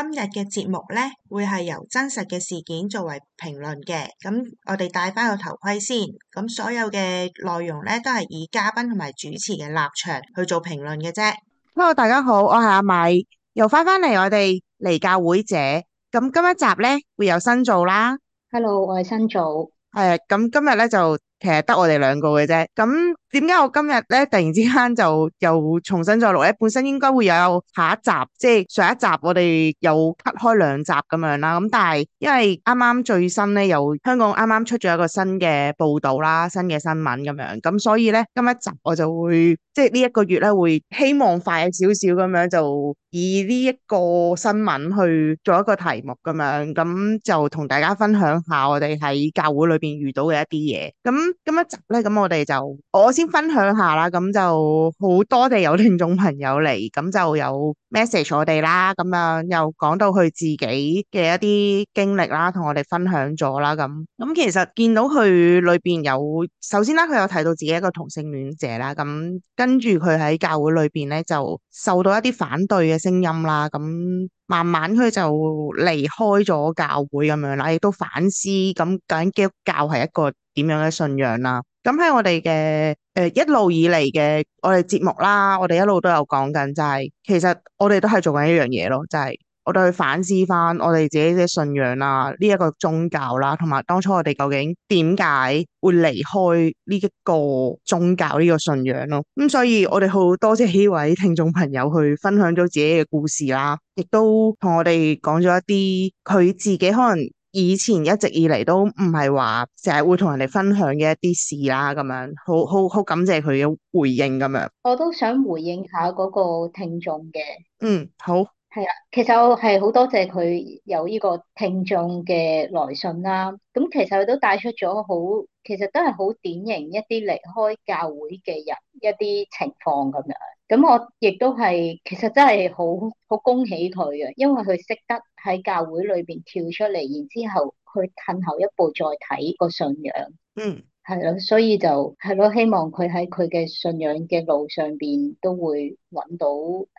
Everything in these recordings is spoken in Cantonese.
今日嘅節目呢，會係由真實嘅事件作為評論嘅。咁我哋戴翻個頭盔先。咁所有嘅內容呢，都係以嘉賓同埋主持嘅立場去做評論嘅啫。Hello，大家好，我係阿米，又翻翻嚟我哋離教會者。咁今一集呢，會有新做啦。Hello，我係新造。係咁，今日呢，就其實得我哋兩個嘅啫。咁。點解我今日咧突然之間就又重新再錄咧？本身應該會有下一集，即係上一集我哋有 cut 開兩集咁樣啦。咁但係因為啱啱最新咧，又香港啱啱出咗一個新嘅報道啦，新嘅新聞咁樣。咁所以咧，今一集我就會即係呢一個月咧，會希望快少少咁樣就。以呢一個新聞去做一個題目咁樣，咁就同大家分享下我哋喺教會裏邊遇到嘅一啲嘢。咁今集咧，咁我哋就我先分享下啦。咁就好多謝有聽眾朋友嚟，咁就有 message 我哋啦。咁樣又講到佢自己嘅一啲經歷啦，同我哋分享咗啦。咁咁其實見到佢裏邊有，首先啦，佢有提到自己一個同性戀者啦。咁跟住佢喺教會裏邊咧，就受到一啲反對嘅。聲音啦，咁慢慢佢就離開咗教會咁樣啦，亦都反思咁究竟基督教係一個點樣嘅信仰啦。咁喺我哋嘅誒一路以嚟嘅我哋節目啦，我哋一路都有講緊、就係，就係其實我哋都係做緊一樣嘢咯，就係、是。我哋去反思翻我哋自己嘅信仰啦、啊，呢、這、一個宗教啦、啊，同埋當初我哋究竟點解會離開呢一個宗教呢個信仰咯、啊？咁、嗯、所以我哋好多謝呢位聽眾朋友去分享咗自己嘅故事啦、啊，亦都同我哋講咗一啲佢自己可能以前一直以嚟都唔係話成日會同人哋分享嘅一啲事啦、啊，咁樣好好好感謝佢嘅回應咁樣。我都想回應下嗰個聽眾嘅，嗯好。係啊，其實我係好多謝佢有呢個聽眾嘅來信啦啊。咁其實佢都帶出咗好，其實都係好典型一啲離開教會嘅人一啲情況咁樣。咁我亦都係，其實真係好好恭喜佢嘅啊，因為佢識得喺教會裏邊跳出嚟，然之後去褪後一步再睇個信仰。嗯。係咯，所以就係咯，希望佢喺佢嘅信仰嘅路上邊都會揾到，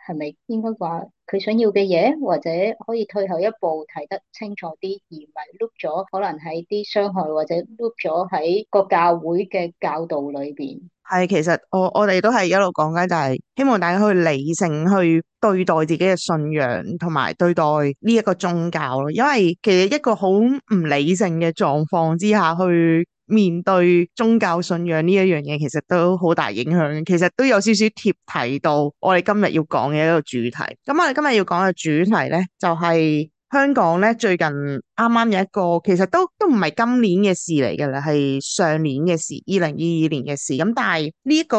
係咪應該話佢想要嘅嘢，或者可以退後一步睇得清楚啲，而唔係碌咗可能喺啲傷害，或者碌咗喺個教會嘅教導裏邊。係，其實我我哋都係一路講緊就係，希望大家去理性去對待自己嘅信仰，同埋對待呢一個宗教咯。因為其實一個好唔理性嘅狀況之下去。面對宗教信仰呢一樣嘢，其實都好大影響。其實都有少少貼提到我哋今日要講嘅一個主題。咁我哋今日要講嘅主題呢，就係香港呢。最近啱啱有一個，其實都都唔係今年嘅事嚟㗎啦，係上年嘅事，二零二二年嘅事。咁但係呢一個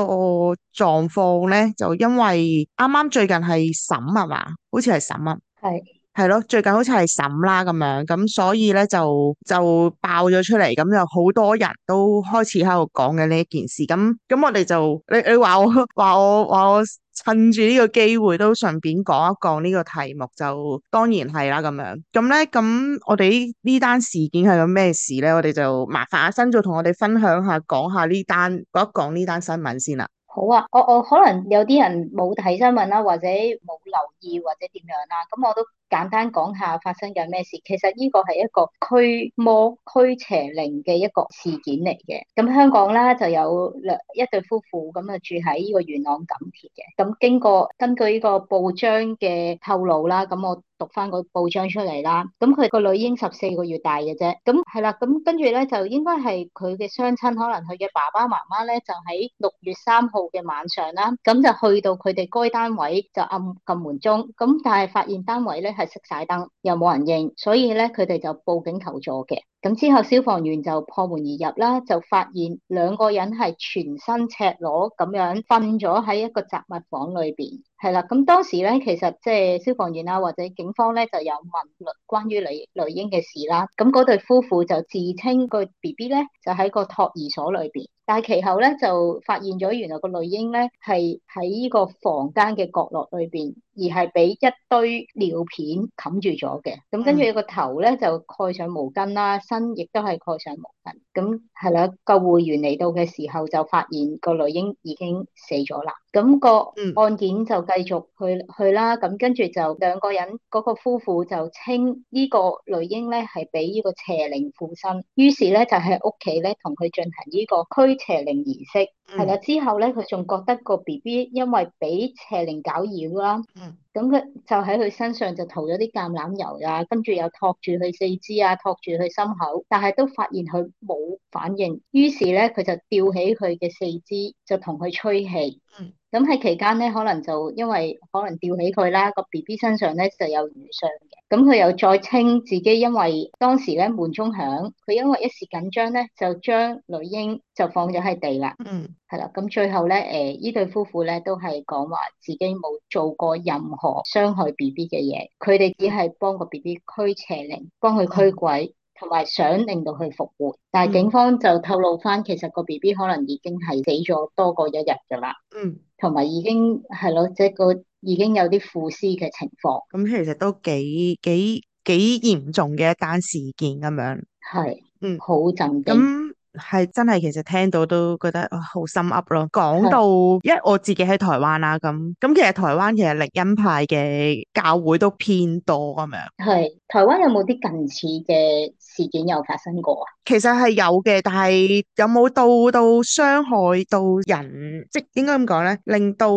狀況呢，就因為啱啱最近係審啊嘛，好似係審啊。係咯，最近好似係審啦咁樣，咁所以咧就就爆咗出嚟，咁就好多人都開始喺度講緊呢一件事。咁咁我哋就你你話我話我話我，我趁住呢個機會都順便講一講呢個題目，就當然係啦咁樣。咁咧咁我哋呢單事件係有咩事咧？我哋就麻煩阿新再同我哋分享下，講下呢單講一講呢單新聞先啦。好啊，我我可能有啲人冇睇新聞啦，或者冇留意或者點樣啦，咁我都。簡單講下發生緊咩事，其實呢個係一個驅魔驅邪靈嘅一個事件嚟嘅。咁香港啦就有一對夫婦咁啊住喺呢個元朗錦田嘅。咁經過根據呢個報章嘅透露啦，咁我讀翻個報章出嚟啦。咁佢個女嬰十四個月大嘅啫。咁係啦，咁跟住咧就應該係佢嘅雙親，可能佢嘅爸爸媽媽咧就喺六月三號嘅晚上啦，咁就去到佢哋該單位就暗撳門鐘。咁但係發現單位咧係熄晒燈，又冇人應，所以咧佢哋就報警求助嘅。咁之後消防員就破門而入啦，就發現兩個人係全身赤裸咁樣瞓咗喺一個雜物房裏邊。係啦，咁當時咧，其實即係消防員啊，或者警方咧，就有問關於女女嬰嘅事啦。咁嗰對夫婦就自稱個 BB 咧，就喺個托兒所裏邊，但係其後咧就發現咗，原來個女嬰咧係喺呢個房間嘅角落裏邊，而係俾一堆尿片冚住咗嘅。咁跟住個頭咧就蓋上毛巾啦，身亦都係蓋上毛巾。咁係啦，嗯、救護員嚟到嘅時候就發現個女嬰已經死咗啦，咁、個案件就繼續去去啦，咁跟住就兩個人嗰、個夫婦就稱呢個女嬰咧係俾呢個邪靈附身，於是咧就喺屋企咧同佢進行呢個驅邪靈儀式。係啦，嗯、之後咧，佢仲覺得個 B B 因為俾邪靈搞擾啦，咁佢、嗯、就喺佢身上就塗咗啲橄欖油啊，跟住又托住佢四肢啊，托住佢心口，但係都發現佢冇反應，於是咧佢就吊起佢嘅四肢，就同佢吹氣。嗯咁喺期間咧，可能就因為可能吊起佢啦，個 B B 身上咧就有瘀傷嘅。咁佢又再稱自己因為當時咧門鐘響，佢因為一時緊張咧，就將女嬰就放咗喺地啦。嗯，係啦。咁最後咧，誒、呃、呢對夫婦咧都係講話自己冇做過任何傷害 B B 嘅嘢，佢哋只係幫個 B B 驅邪靈，幫佢驅鬼。嗯同埋想令到佢復活，但係警方就透露返，其實個 B B 可能已經係死咗多過一日㗎喇，嗯，同埋已經係囉，即係個已經有啲腐屍嘅情況。咁其實都幾幾幾嚴重嘅一單事件咁樣，係，嗯，好震驚。嗯嗯嗯嗯。係真係，其實聽到都覺得好心噏咯。講到，是因為我自己喺台灣啦，咁咁其實台灣其實靈恩派嘅教會都偏多咁樣。係台灣有冇啲近似嘅事件有發生過啊？其實係有嘅，但係有冇到到傷害到人，即係應該咁講咧，令到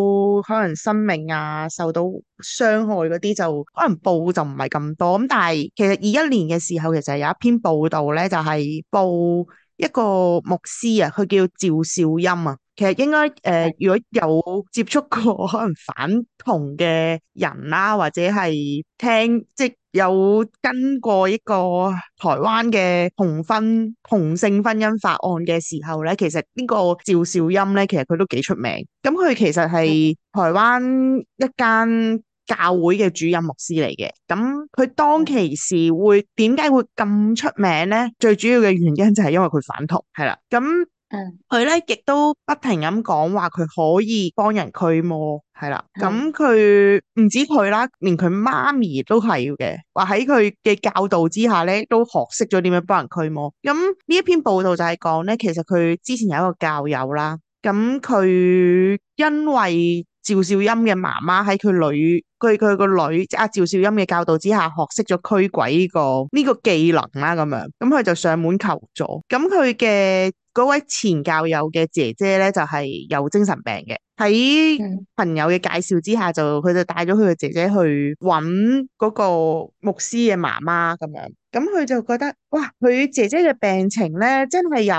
可能生命啊受到傷害嗰啲就可能報就唔係咁多。咁但係其實二一年嘅時候，其實有一篇報道咧，就係、是、報。一個牧師啊，佢叫趙少音啊。其實應該誒、呃，如果有接觸過可能反同嘅人啦、啊，或者係聽即有跟過一個台灣嘅同婚同性婚姻法案嘅時候咧，其實個趙呢個趙少音咧，其實佢都幾出名。咁佢其實係台灣一間，教會嘅主任牧師嚟嘅，咁佢當其時會點解會咁出名咧？最主要嘅原因就係因為佢反同，係啦，咁佢咧亦都不停咁講話，佢可以幫人驅魔，係啦，咁佢唔止佢啦，連佢媽咪都係嘅，話喺佢嘅教導之下咧，都學識咗點樣幫人驅魔。咁呢一篇報道就係講咧，其實佢之前有一個教友啦，咁佢因為趙少音嘅媽媽喺佢女。佢佢個女即阿趙少欽，嘅教導之下學識咗驅鬼呢個呢個技能啦咁樣，咁佢、嗯、就上門求助。咁佢嘅位前教友嘅姐姐咧就係、是、有精神病嘅。喺朋友嘅介紹之下，就佢就帶咗佢嘅姐姐去揾嗰個牧師嘅媽媽咁樣，咁佢就覺得哇，佢姐姐嘅病情咧真係有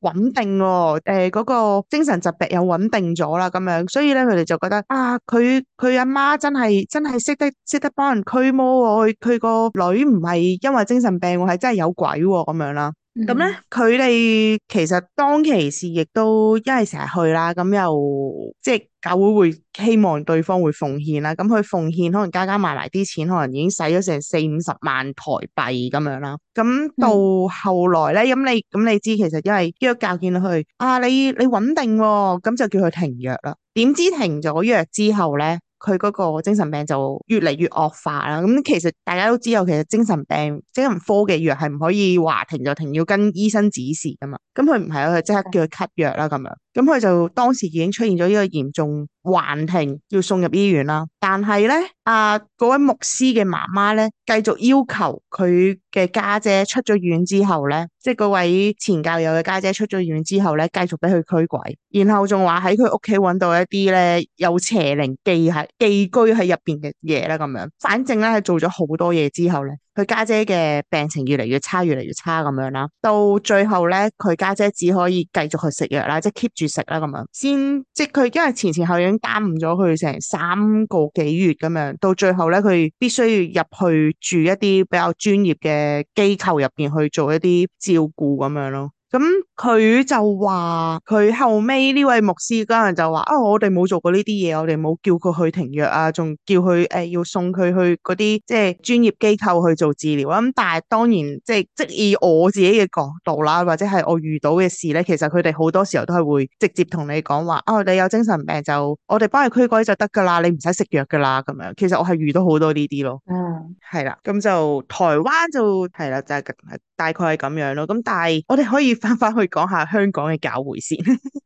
穩定喎、哦，誒，嗰個精神疾病又穩定咗啦，咁樣，所以咧佢哋就覺得啊，佢佢阿媽真係真係識得識得幫人驅魔、哦，佢佢個女唔係因為精神病，係真係有鬼咁、哦、樣啦。咁咧，佢哋、嗯、其實當其時亦都因為成日去啦，咁又即係、就是、教會會希望對方會奉獻啦，咁佢奉獻可能加加埋埋啲錢，可能已經使咗成四五十萬台幣咁樣啦。咁到後來咧，咁你咁你知其實因為約教見到佢啊，你你穩定，咁就叫佢停藥啦。點知停咗藥之後咧？佢嗰個精神病就越嚟越惡化啦，咁其實大家都知道，其實精神病、精神科嘅藥係唔可以話停就停，要跟醫生指示㗎嘛。咁佢唔係，佢即刻叫佢吸藥啦咁樣。咁佢就當時已經出現咗呢個嚴重幻聽，要送入醫院啦。但係咧，阿、啊、嗰位牧師嘅媽媽咧，繼續要求佢嘅家姐出咗院之後咧，即係嗰位前教友嘅家姐，姐出咗院之後咧，繼續俾佢驅鬼，然後仲話喺佢屋企揾到一啲咧有邪靈寄喺寄居喺入邊嘅嘢啦，咁樣，反正咧係做咗好多嘢之後咧。佢家姐嘅病情越嚟越差，越嚟越差咁樣啦。到最後咧，佢家姐只可以繼續去食藥啦，即係 keep 住食啦咁樣。先即係佢因為前前後已經耽誤咗佢成三個幾月咁樣。到最後咧，佢必須要入去住一啲比較專業嘅機構入邊去做一啲照顧咁樣咯。咁佢就話佢後尾呢位牧師家人就話啊、哦、我哋冇做過呢啲嘢，我哋冇叫佢去停藥啊，仲叫佢誒、呃、要送佢去嗰啲即係專業機構去做治療啊。咁、嗯、但係當然即係即以我自己嘅角度啦，或者係我遇到嘅事咧，其實佢哋好多時候都係會直接同你講話啊，你有精神病就我哋幫你驅鬼就得噶啦，你唔使食藥噶啦咁樣。其實我係遇到好多呢啲咯。嗯，係啦，咁就台灣就係啦，就係、是。大概係咁樣咯，咁但係我哋可以翻翻去講下香港嘅教會先。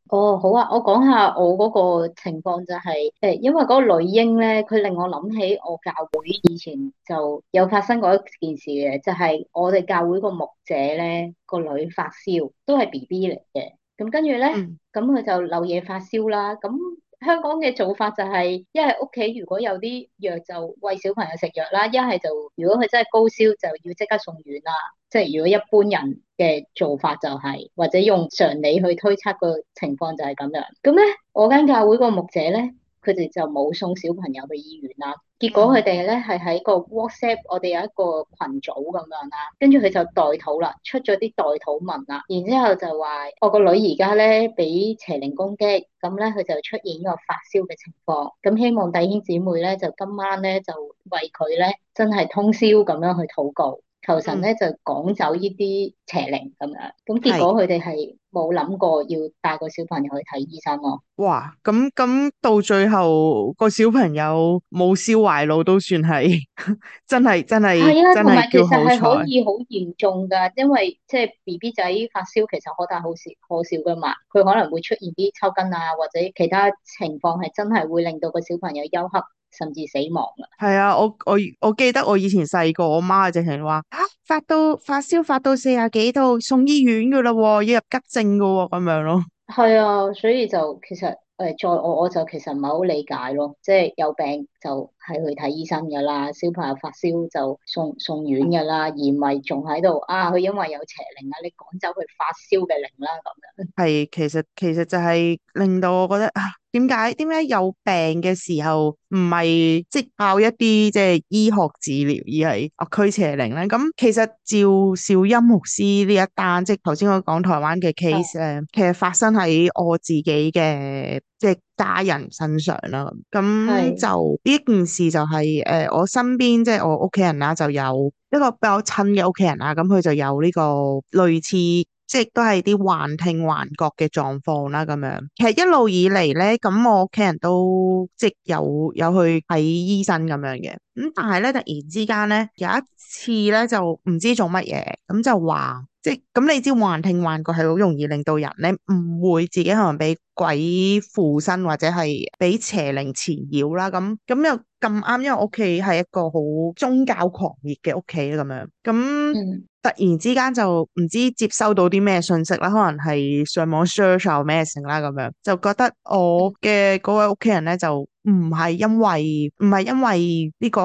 哦，好啊，我講下我嗰個情況就係，誒，因為嗰個女嬰咧，佢令我諗起我教會以前就有發生過一件事嘅，就係、是、我哋教會個牧者咧個女發燒，都係 B B 嚟嘅，咁跟住咧，咁佢、嗯、就漏嘢發燒啦，咁。香港嘅做法就係一係屋企如果有啲藥就餵小朋友食藥啦，一係就如果佢真係高燒就要即刻送院啦。即係如果一般人嘅做法就係，或者用常理去推測個情況就係咁樣。咁咧，我間教會個牧者咧，佢哋就冇送小朋友去醫院啦。結果佢哋咧係喺個 WhatsApp，我哋有一個群組咁樣啦，跟住佢就代禱啦，出咗啲代禱文啦，然之後就話我個女而家咧俾邪靈攻擊，咁咧佢就出現呢個發燒嘅情況，咁希望弟兄姊妹咧就今晚咧就為佢咧真係通宵咁樣去禱告。求神咧、嗯、就趕走呢啲邪靈咁樣，咁結果佢哋係冇諗過要帶個小朋友去睇醫生咯、啊。哇！咁咁到最後個小朋友冇燒壞腦都算係 真係真係真係其實係可以好嚴重噶。 因為即係 B B 仔發燒其實可大好少可少噶嘛，佢可能會出現啲抽筋啊，或者其他情況係真係會令到個小朋友休克。甚至死亡啦！係啊，我我我記得我以前細個，我媽淨係話啊，發到發燒發到四十幾度，送醫院噶啦，要入急症噶，咁樣咯。係啊，所以就其實誒，再我我就其實唔係好理解咯，即係有病就係去睇醫生噶啦，小朋友發燒就送送院噶啦，而唔係仲喺度啊，佢因為有邪靈啊，你趕走佢發燒嘅靈啦咁樣。係，其實其實就係令到我覺得啊。點解點解有病嘅時候唔係即係靠一啲即係醫學治療，而係驅邪靈咧？咁其實照小音牧師呢一單，即係頭先我講台灣嘅 case，是其實發生喺我自己嘅即係家人身上啦。咁就呢一是件事就係、是、誒，我身邊即係我屋企人啦，就有一個比較親嘅屋企人啦，咁佢就有呢個類似。即係都係啲幻聽幻覺嘅狀況啦，咁樣其實一路以嚟咧，咁我屋企人都即有有去睇醫生咁樣嘅，咁但係咧突然之間咧有一次咧就唔知做乜嘢，咁就話。即係咁，你知幻聽幻覺係好容易令到人咧唔會自己可能俾鬼附身或者係俾邪靈纏繞啦。咁咁又咁啱，因為屋企係一個好宗教狂熱嘅屋企咧，咁樣咁突然之間就唔知接收到啲咩信息啦，可能係上網 search 下 message 啦，咁樣就覺得我嘅嗰位屋企人咧就唔係因為唔係因為呢個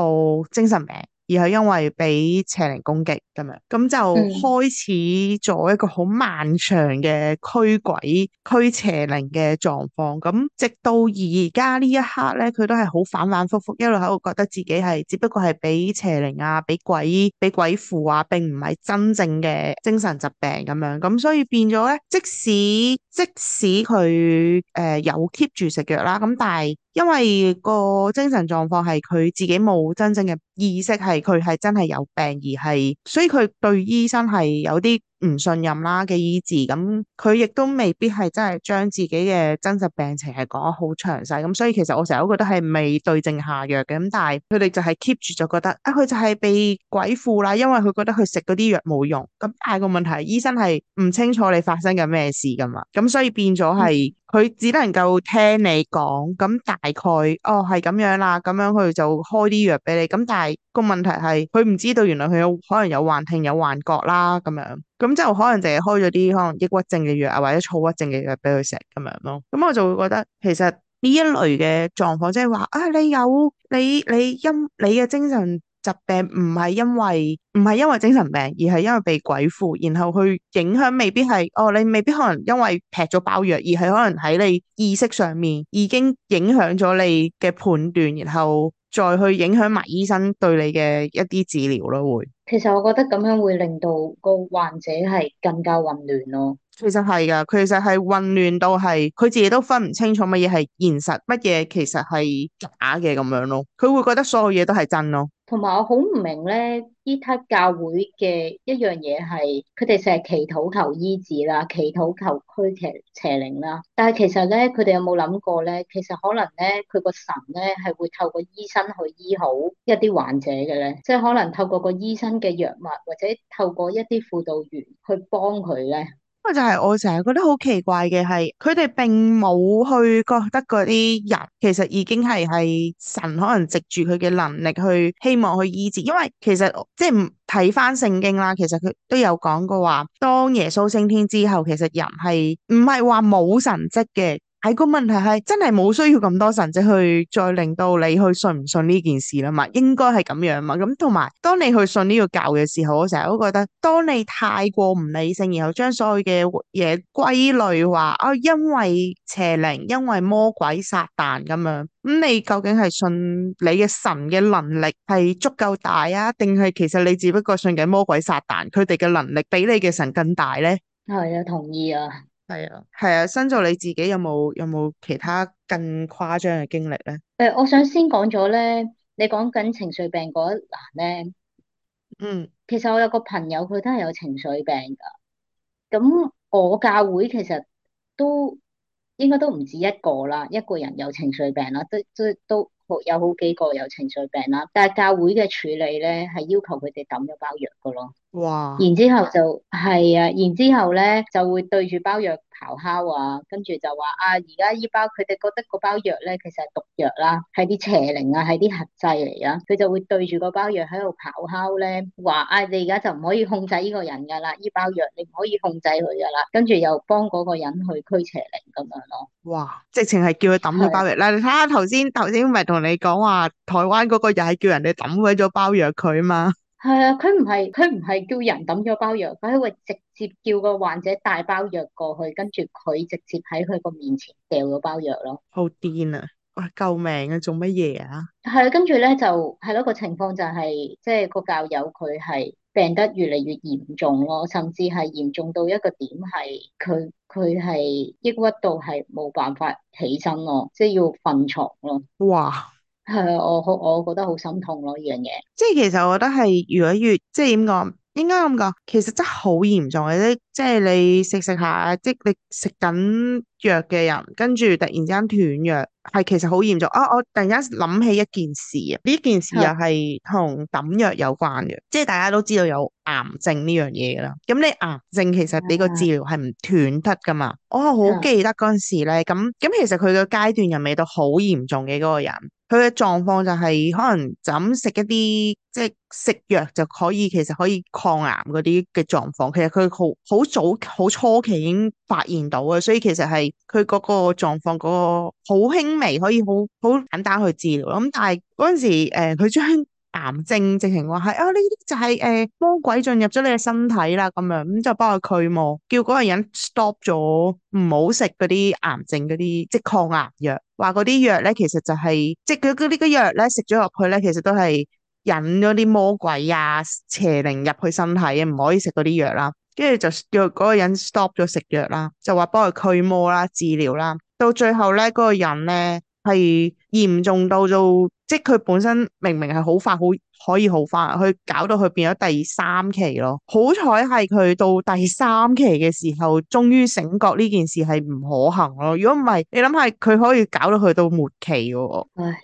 精神病。而係因為俾邪靈攻擊咁樣，咁就開始咗一個好漫長嘅驅鬼、驅邪靈嘅狀況。咁直到而家呢一刻咧，佢都係好反反覆覆，一路喺度覺得自己係只不過係俾邪靈啊、俾鬼、俾鬼附啊，並唔係真正嘅精神疾病咁樣。咁所以變咗咧，即使即使佢誒有 keep 住食藥啦，咁但係。因為個精神狀況係佢自己冇真正嘅意識，係佢係真係有病而，而係，所以佢對醫生係有啲唔信任啦，嘅醫治，咁佢亦都未必係真係將自己嘅真實病情係講得好詳細，咁所以其實我成日都覺得係未對症下藥嘅，咁但係佢哋就係 keep 住就覺得啊，佢就係被鬼附啦，因為佢覺得佢食嗰啲藥冇用，咁但係個問題係醫生係唔清楚你發生緊咩事噶嘛，咁所以變咗係佢只能夠聽你講，咁大概哦係咁樣啦，咁樣佢就開啲藥俾你，咁但係個問題係佢唔知道原來佢有可能有幻聽、有幻覺啦咁樣。咁就可能淨係開咗啲可能抑鬱症嘅藥啊，或者躁鬱症嘅藥俾佢食咁樣咯。咁我就會覺得其實呢一類嘅狀況，即係話啊，你有你你因你嘅精神疾病唔係因為唔係因為精神病，而係因為被鬼附，然後佢影響未必係哦，你未必可能因為劈咗包藥，而係可能喺你意識上面已經影響咗你嘅判斷，然後。再去影響埋醫生對你嘅一啲治療咯，會其實我覺得咁樣會令到個患者係更加混亂咯。其實係㗎，其實係混亂到係佢自己都分唔清楚乜嘢係現實，乜嘢其實係假嘅咁樣咯。佢會覺得所有嘢都係真咯。同埋我好唔明咧，呢梯教會嘅一樣嘢係，佢哋成日祈禱求醫治啦，祈禱求驅邪邪靈啦。但係其實咧，佢哋有冇諗過咧？其實可能咧，佢個神咧係會透過醫生去醫好一啲患者嘅咧，即係可能透過個醫生嘅藥物，或者透過一啲輔導員去幫佢咧。就我就係，我成日覺得好奇怪嘅係，佢哋並冇去覺得嗰啲人其實已經係係神可能藉住佢嘅能力去希望去醫治，因為其實即係睇翻聖經啦，其實佢都有講過話，當耶穌升天之後，其實人係唔係話冇神蹟嘅。係個問題係真係冇需要咁多神蹟去再令到你去信唔信呢件事啦嘛，應該係咁樣嘛。咁同埋，當你去信呢個教嘅時候，我成日都覺得，當你太過唔理性，然後將所有嘅嘢歸類話哦，因為邪靈，因為魔鬼、撒旦咁樣，咁你究竟係信你嘅神嘅能力係足夠大啊，定係其實你只不過信緊魔鬼、撒旦，佢哋嘅能力比你嘅神更大咧？係啊，同意啊。係啊，係啊，星座你自己有冇，有冇其他更誇張嘅經歷咧？誒、欸，我想先講咗咧，你講緊情緒病嗰一欄咧，嗯，其實我有個朋友佢都係有情緒病噶，咁我教會其實都應該都唔止一個啦，一個人有情緒病啦，都都都。有好幾個有情緒病啦，但係教會嘅處理咧，係要求佢哋抌咗包藥噶咯。哇！然之後就係啊，然之後咧就會對住包藥。咆哮啊！跟住就話啊，而家呢包佢哋覺得嗰包藥咧，其實係毒藥啦，係啲邪靈啊，係啲核劑嚟啊，佢就會對住嗰包藥喺度咆哮咧，話啊，你而家就唔可以控制呢個人噶啦，呢包藥你唔可以控制佢噶啦，跟住又幫嗰個人去驅邪靈咁樣咯。哇！直情係叫佢抌咗包藥啦！是的 你睇下頭先頭先咪同你講話，啊，台灣嗰個又係叫人哋抌鬼咗包藥佢嘛？係啊，佢唔係佢唔係叫人抌咗包藥，佢係會直接叫個患者帶包藥過去，跟住佢直接喺佢個面前掉咗包藥咯。好癲啊！哇，救命啊！做乜嘢啊？係啊，跟住咧就係咯、啊、個情況就係、是，即係個教友佢係病得越嚟越嚴重咯，甚至係嚴重到一個點係，佢佢係抑鬱到係冇辦法起身咯，即係要瞓床咯。哇！係啊，我好，我覺得好心痛咯，呢樣嘢。即係其實我覺得係，如果越即係點講，應該咁講，其實真係好嚴重嘅。即係你食食下，即係你食緊藥嘅人，跟住突然之間斷藥，係其實好嚴重啊！我突然間諗起一件事啊，呢件事又係同抌藥有關嘅。的即係大家都知道有癌症呢樣嘢啦。咁你癌症其實你個治療係唔斷得噶嘛？的我好記得嗰陣時咧，咁咁其實佢個階段又未到好嚴重嘅嗰個人。佢嘅狀況就係、是、可能噉食一啲，即係食藥就可以，其實可以抗癌嗰啲嘅狀況。其實佢好好早好初期已經發現到嘅，所以其實係佢嗰個狀況嗰個好輕微，可以好好簡單去治療啦。咁但係嗰陣時誒佢將癌症直情話係啊，呢啲就係、是、誒、呃、魔鬼進入咗你嘅身體啦咁樣，咁就幫佢驅魔，叫嗰個人 stop 咗唔好食嗰啲癌症嗰啲即抗癌藥，話嗰啲藥咧其實就係、是、即佢嗰啲嘅藥咧食咗落去咧其實都係引咗啲魔鬼啊邪靈入去身體嘅，唔可以食嗰啲藥啦。跟住就叫嗰個人 stop 咗食藥啦，就話幫佢驅魔啦、治療啦。到最後咧，嗰、那個人咧。係嚴重到到，即係佢本身明明係好快好可以好翻，去搞到佢變咗第三期咯。好彩係佢到第三期嘅時候，終於醒覺呢件事係唔可行咯。如果唔係，你諗下佢可以搞到佢到末期嘅。唉，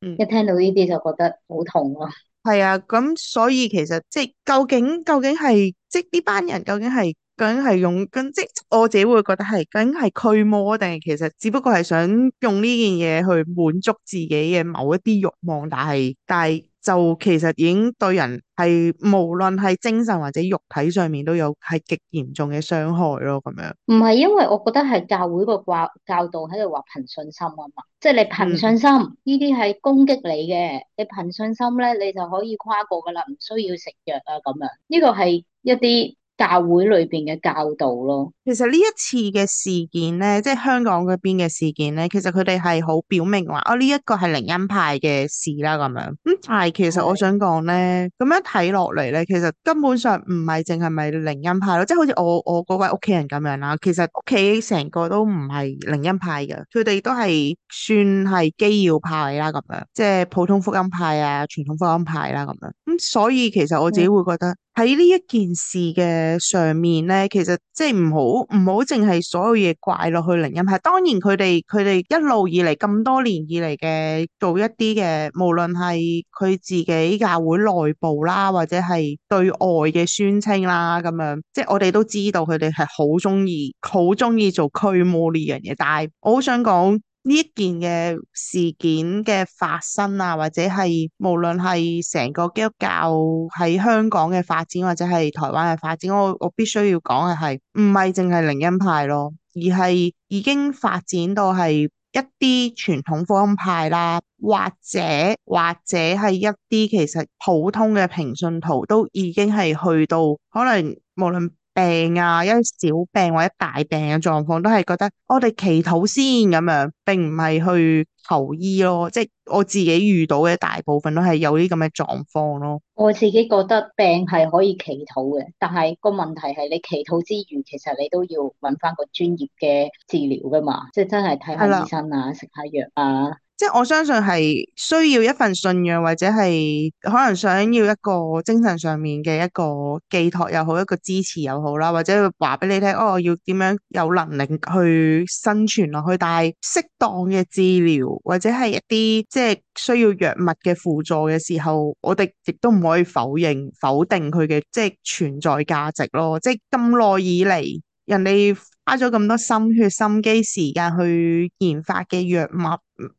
一聽到呢啲就覺得好痛咯。係啊，咁、嗯啊、所以其實即係究竟究竟係即係呢班人究竟係。究竟係用，咁即我自己會覺得係究竟係驅魔，定係其實只不過係想用呢件嘢，去滿足自己嘅某一啲慾望，但係但係就其實已經對人係無論係精神或者肉體上面都有係極嚴重嘅傷害咯，咁樣。唔係因為我覺得係教會個教教導喺度話憑信心啊嘛，即係、就是、你憑信心、嗯、信心呢啲係攻擊你嘅，你憑信心咧你就可以跨過噶啦，唔需要食藥啊咁樣。呢、呢個係一啲。教會裏邊嘅教導咯，其實呢一次嘅事件咧，即係香港嗰邊嘅事件咧，其實佢哋係好表明話，哦呢一個係靈恩派嘅事啦咁樣。咁但係其實我想講咧，咁樣睇落嚟咧，其實根本上唔係淨係咪靈恩派咯，即係好似我我嗰位屋企人咁樣啦，其實屋企成個都唔係靈恩派噶，佢哋都係算係基要派啦咁樣，即係普通福音派啊，傳統福音派啦咁樣。咁，嗯，所以其實我自己會覺得。喺呢一件事嘅上面咧，其實即係唔好唔好，淨係所有嘢怪落去靈音。係當然佢哋佢哋一路以嚟，咁多年以嚟嘅做一啲嘅，無論係佢自己教會內部啦，或者係對外嘅宣稱啦，咁樣即係、就是、我哋都知道佢哋係好鍾意好鍾意做驅魔呢樣嘢。但係我好想講。呢一件嘅事件嘅發生啊，或者係無論係成個基督教喺香港嘅發展，或者係台灣嘅發展，我我必須要講嘅係唔係淨係靈恩派咯，而係已經發展到係一啲傳統福音派啦，或者或者係一啲其實普通嘅平信徒都已經係去到可能無論。病啊，一啲小病或者大病嘅狀況，都係覺得我哋祈禱先咁樣，並唔係去求醫咯。即係我自己遇到嘅大部分都係有啲咁嘅狀況咯。我自己覺得病係可以祈禱嘅，但係個問題係你祈禱之餘，其實你都要揾翻個專業嘅治療噶嘛，即係真係睇下醫生啊，食下藥啊。即係我相信係需要一份信仰，或者係可能想要一個精神上面嘅一個寄託又好，一個支持又好啦，或者話俾你聽，哦，我要點樣有能力去生存落去。但係適當嘅治療或者係一啲即係需要藥物嘅輔助嘅時候，我哋亦都唔可以否認否定佢嘅即係存在價值咯。即係咁耐以嚟，人哋。花咗咁多心血、心機時間去研發嘅藥物，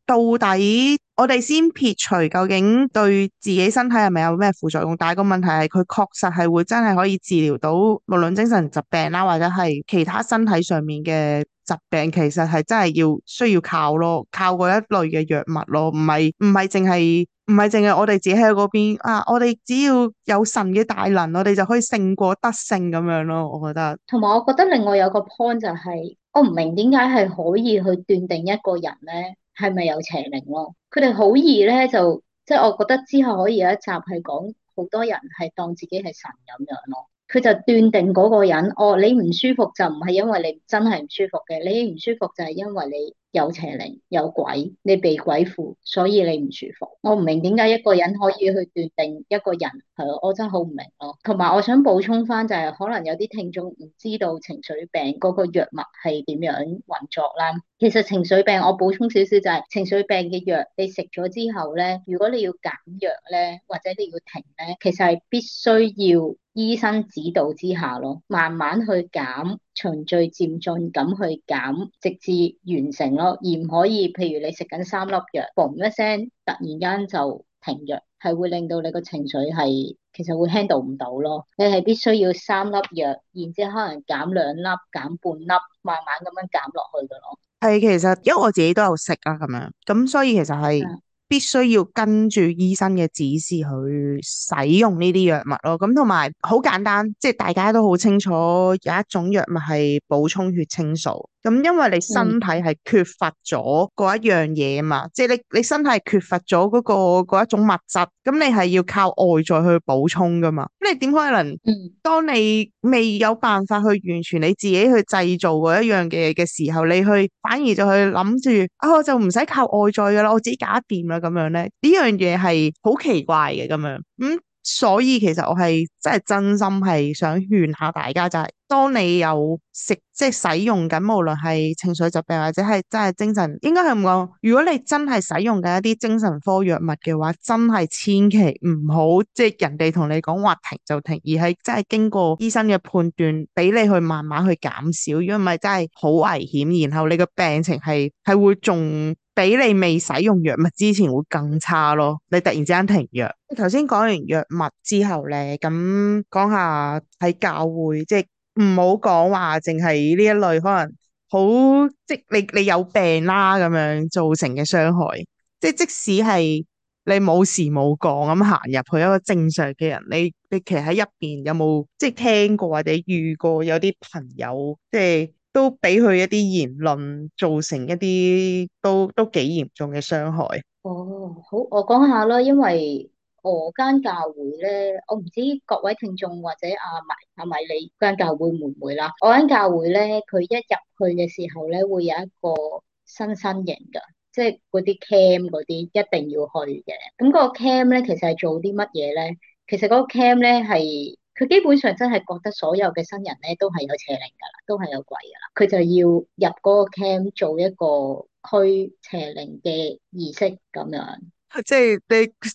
到底我哋先撇除究竟對自己身體係咪有咩副作用？但係個問題，係佢確實，係會真係可以治療到，無論精神疾病啦、啊，或者係其他身體上面嘅。疾病其實係真係要需要靠咯，靠嗰一類嘅藥物咯，唔係唔係淨係唔係淨係我哋自己喺嗰邊啊！我哋只要有神嘅大能，我哋就可以勝過得勝咁樣咯。我覺得。同埋我覺得另外有個 point 就係，我唔明點解係可以去斷定一個人咧係咪有邪靈咯？佢哋好易咧就，即係我覺得之後可以有一集係講好多人係當自己係神咁樣咯。佢就斷定嗰個人，哦，你唔舒服就唔係因為你真係唔舒服嘅，你唔舒服就係因為你，有邪靈，有鬼，你被鬼附，所以你唔舒服。我唔明點解一個人可以去斷定一個人係咯，我真係好唔明咯。同埋我想補充返就係，可能有啲聽眾唔知道情緒病嗰個藥物係點樣運作啦。其實情緒病我補充少少就係，情緒病嘅藥你食咗之後咧，如果你要減藥咧，或者你要停咧，其實係必須要醫生指導之下咯，慢慢去減。循序漸進咁去減，直至完成咯，而唔可以，譬如你食緊三粒藥，嘣、呃、一聲突然間就停藥，係會令到你個情緒係其實會 handle 唔到咯。你係必須要三粒藥，然之後可能減兩粒，減半粒，慢慢咁樣減落去嘅咯。係，其實因為我自己都有食啊，咁樣，咁所以其實係。必須要跟住醫生嘅指示去使用呢啲藥物囉，咁同埋好簡單，即大家都好清楚，有一種藥物係補充血清素。咁，因為你身體係缺乏咗嗰一樣嘢嘛，即係你你身體係缺乏咗嗰、嗰個嗰一種物質，咁你係要靠外在去補充噶嘛。咁你點可能當你未有辦法去完全你自己去製造嗰一樣嘅嘅時候，你去反而就去諗住啊，哦、我就唔使靠外在噶啦，我自己搞掂啦咁樣咧，呢樣嘢係好奇怪嘅咁樣咁。嗯所以其實我係真係真心係想勸下大家，就係當你有食即係、就是、使用緊，無論係情緒疾病或者係真係精神，應該係咁講。如果你真係使用緊一啲精神科藥物嘅話，真係千祈唔好即係人哋同你講話停就停，而係真係經過醫生嘅判斷，俾你去慢慢去減少，如果唔係真係好危險，然後你個病情係係會仲比你未使用藥物之前會更差咯，你突然之間停藥。頭先講完藥物之後咧，咁講下喺教會，即係唔好講話淨係呢一類可能好，即係你你有病啦啊，咁樣造成嘅傷害。即係即使係你冇時冇講咁行入去一個正常嘅人，你你其實喺入邊有冇即係聽過或者遇過有啲朋友即係？即係都俾佢一啲言論造成一啲都都幾嚴重嘅傷害。哦，好，我講下啦，因為我間教會咧，我唔知各位聽眾或者阿米阿米你間教會會唔會啦。我間教會咧，佢一入去嘅時候咧，會有一個新生營嘅，即係嗰啲 cam 嗰啲，一定要去嘅。咁、那、嗰個 cam 咧，其實係做啲乜嘢咧？其實嗰個 cam 咧係。佢基本上真係覺得所有嘅新人咧都係有邪靈㗎啦，都係有鬼㗎啦。佢就要入嗰個 camp 做一個驅邪靈嘅儀式咁樣。即係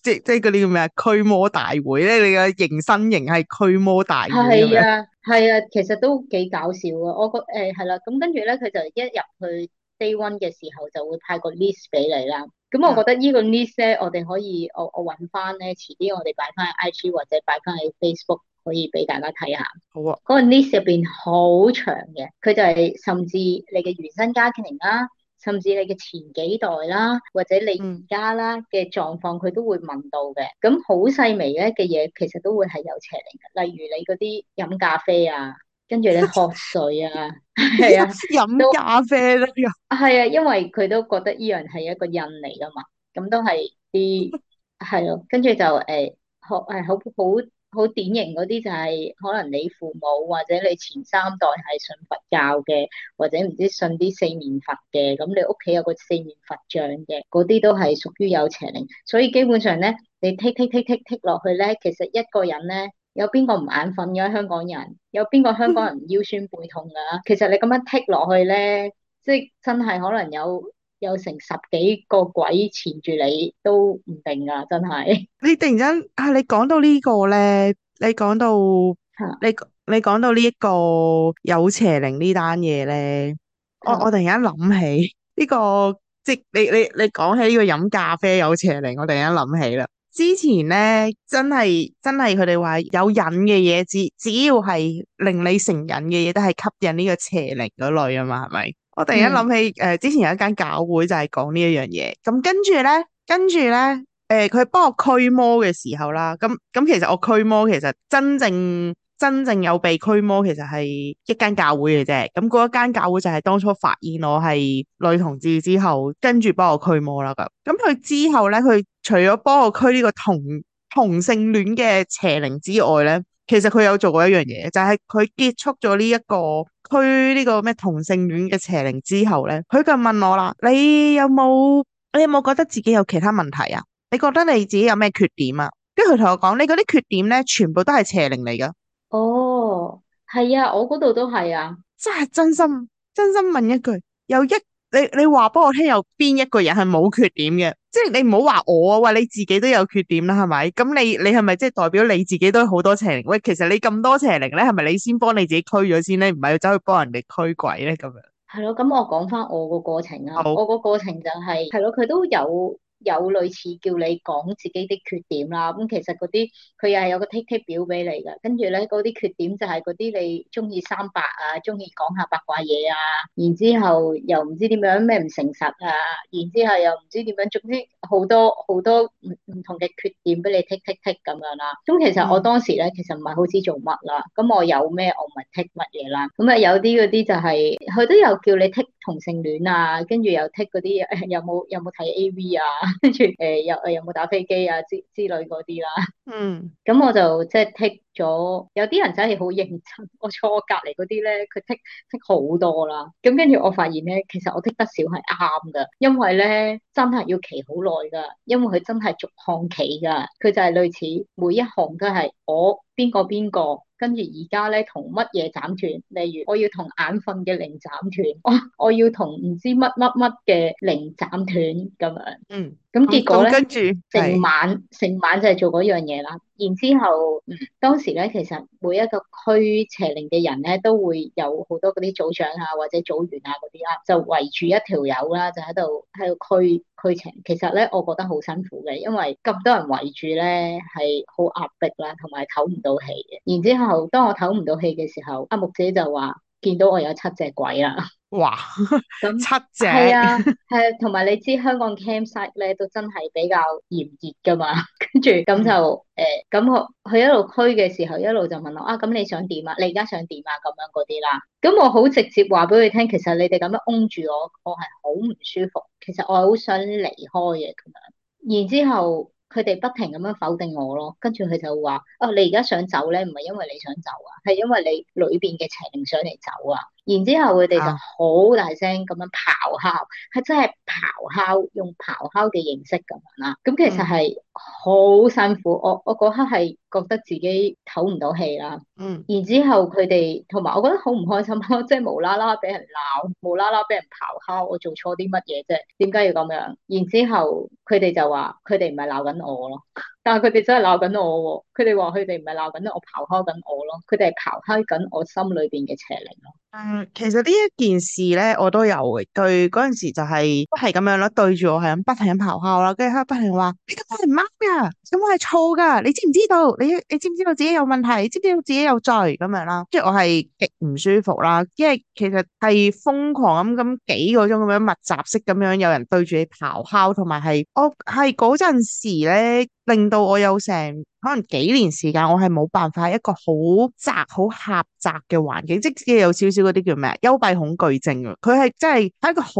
即即係嗰啲叫咩啊？驅魔大會咧，你嘅迎新迎係驅魔大會，形形魔大會啊！係啊係啊，其實都幾搞笑啊！我覺誒係啦，咁、欸啊、跟住咧，佢就一入去 day one 嘅時候就會派個 list 俾你啦。咁我覺得呢個 list 咧、嗯，我哋可以我我揾翻咧，遲啲我哋擺翻喺 IG 或者擺翻喺 Facebook。可以俾大家睇下，好啊。嗰個 list 入邊好長嘅，佢就係甚至你嘅原生家庭啦，甚至你嘅前幾代啦，或者你而家啦嘅狀況，佢都會問到嘅。咁好細微咧嘅嘢，其實都會係有邪靈嘅。例如你嗰啲飲咖啡啊，跟住你喝水啊，係啊，飲咖啡都㗎。係啊，因為佢都覺得依樣係一個印嚟㗎嘛。咁都係啲係咯，跟住就誒，喝係好好。好典型嗰啲就係、是、可能你父母或者你前三代係信佛教嘅，或者唔知信啲四面佛嘅，咁你屋企有個四面佛像嘅，嗰啲都係屬於有邪靈。所以基本上咧，你剔剔剔剔剔落去咧，其實一個人咧，有邊個唔眼瞓嘅香港人？有邊個香港人腰酸背痛㗎？其實你咁樣剔落去咧，即係真係可能有。有成十幾個鬼纏住你都唔定噶，真係！你突然間啊，你講到個呢個咧，你講到、啊、你你講到呢一個有邪靈呢單嘢咧，啊、我我突然間諗起呢、這個，即係你你你講起呢個飲咖啡有邪靈，我突然間諗起啦。之前咧，真係真係佢哋話有癮嘅嘢，只只要係令你成癮嘅嘢，都係吸引呢個邪靈嗰類啊嘛，係咪？我突然間諗起，誒、呃，之前有一間教會就係講呢一樣嘢，咁跟住咧，跟住咧，誒，佢幫我驅魔嘅時候啦，咁咁其實我驅魔，其實真正真正有被驅魔，其實係一間教會嚟啫，咁嗰一間教會就係當初發現我係女同志之後，跟住幫我驅魔啦咁，咁佢之後咧，佢除咗幫我驅呢個同同性戀嘅邪靈之外咧。其實佢有做過一樣嘢，就係、是、佢結束咗呢一個區呢個咩同性戀嘅邪靈之後咧，佢就問我啦，你有冇？你有冇覺得自己有其他問題啊？你覺得你自己有咩缺點啊？跟住佢同我講，你嗰啲缺點咧，全部都係邪靈嚟噶。哦，係啊，我嗰度都係啊，真係真心真心問一句，有一。你你話畀我聽有邊一個人係冇缺點嘅？即係你唔好話我，喂你自己都有缺點啦，係咪？咁你你係咪即係代表你自己都好多邪靈？喂，其實你咁多邪靈咧，係咪你先幫你自己驅咗先咧？唔係要走去幫人哋驅鬼咧咁樣？係咯，咁我講翻我個過程啊，好我個過程就係係咯，佢都有。有類似叫你講自己啲缺點啦，咁其實嗰啲佢又係有個 tick tick 表俾你嘅，跟住咧嗰啲缺點就係嗰啲你中意三八啊，中意講下八卦嘢啊，然之後又唔知點樣咩唔誠實啊，然之後又唔知點樣，總之好多好多唔同嘅缺點俾你 tick tick 咁樣啦。咁其實我當時咧，嗯、其實唔係好知做乜啦。咁我有咩我咪 tick 乜嘢啦。咁啊有啲嗰啲就係、是、佢都有叫你 tick 同性戀啊，跟住又 tick 嗰啲有冇有冇睇 AV 啊。跟住，誒、欸、有誒有冇打飛機啊之之類嗰啲啦。嗯，咁我就即係剔咗，有啲人真係好認真。我坐我隔離嗰啲咧，佢剔剔好多啦。咁跟住，我發現咧，其實我剔得少係啱噶，因為咧真係要企好耐噶，因為佢真係逐行企噶，佢就係類似每一行都係我邊個邊個。跟住而家咧，同乜嘢斬斷？例如我，我要同眼瞓嘅靈斬斷，我我要同唔知乜乜乜嘅靈斬斷咁樣。嗯，咁結果咧、嗯，跟住成晚成是晚就係做嗰樣嘢啦。然之後，當時咧，其實每一個驅邪靈嘅人咧，都會有好多嗰啲組長啊，或者組員啊嗰啲啊，就圍住一條友啦，就喺度喺度驅驅邪。其實咧，我覺得好辛苦嘅，因為咁多人圍住咧，係好壓迫啦，同埋唞唔到氣。然之後，當我唞唔到氣嘅時候，阿木姐就話見到我有七隻鬼啦。哇！咁、嗯、七隻只係、嗯、啊，係啊，同埋你知香港 campsite 咧都真係比較炎熱㗎嘛。跟住咁就誒，咁我佢一路驅嘅時候，一路就問我啊，咁你想點啊？你而家想點啊？咁樣嗰啲啦。咁我好直接話俾佢聽，其實你哋咁樣擁住我，我係好唔舒服。其實我好想離開嘅咁樣。然之後佢哋不停咁樣否定我咯。跟住佢就話，哦、啊，你而家想走咧，唔係因為你想走啊，係因為你裏邊嘅邪靈想嚟走啊。然之後佢哋就好大聲咁樣咆哮，係真係咆哮，用咆哮嘅形式咁樣啦。咁其實係。好辛苦，我我嗰刻係覺得自己唞唔到氣啦，嗯，然之後佢哋同埋，我覺得好唔開心咯，即係無啦啦俾人鬧，無啦啦俾人咆哮，我做錯啲乜嘢啫？點解要咁樣？然之後佢哋就話佢哋唔係鬧緊我咯，但係佢哋真係鬧緊我，佢哋話佢哋唔係鬧緊我，咆哮緊我咯，佢哋係咆哮緊我心裏邊嘅邪靈咯。嗯，其實呢一件事咧，我都有嘅，對嗰陣時就係、是、都係咁樣咯，對住我係咁不停咁咆哮啦，跟住佢不停話你咁係啱呀，咁、 嗯、我係躁噶，你知唔知道？你你知唔知道自己有問題？知唔知道自己有罪咁樣啦？即係我係極唔舒服啦，因為其實係瘋狂咁咁幾個鐘咁樣密集式咁樣有人對住你咆哮，同埋係我係嗰陣時咧。令到我有成可能幾年時間，我係冇辦法一個好窄好狹窄嘅環境，即係有少少嗰啲叫咩啊？幽閉恐懼症。佢係真係喺一個好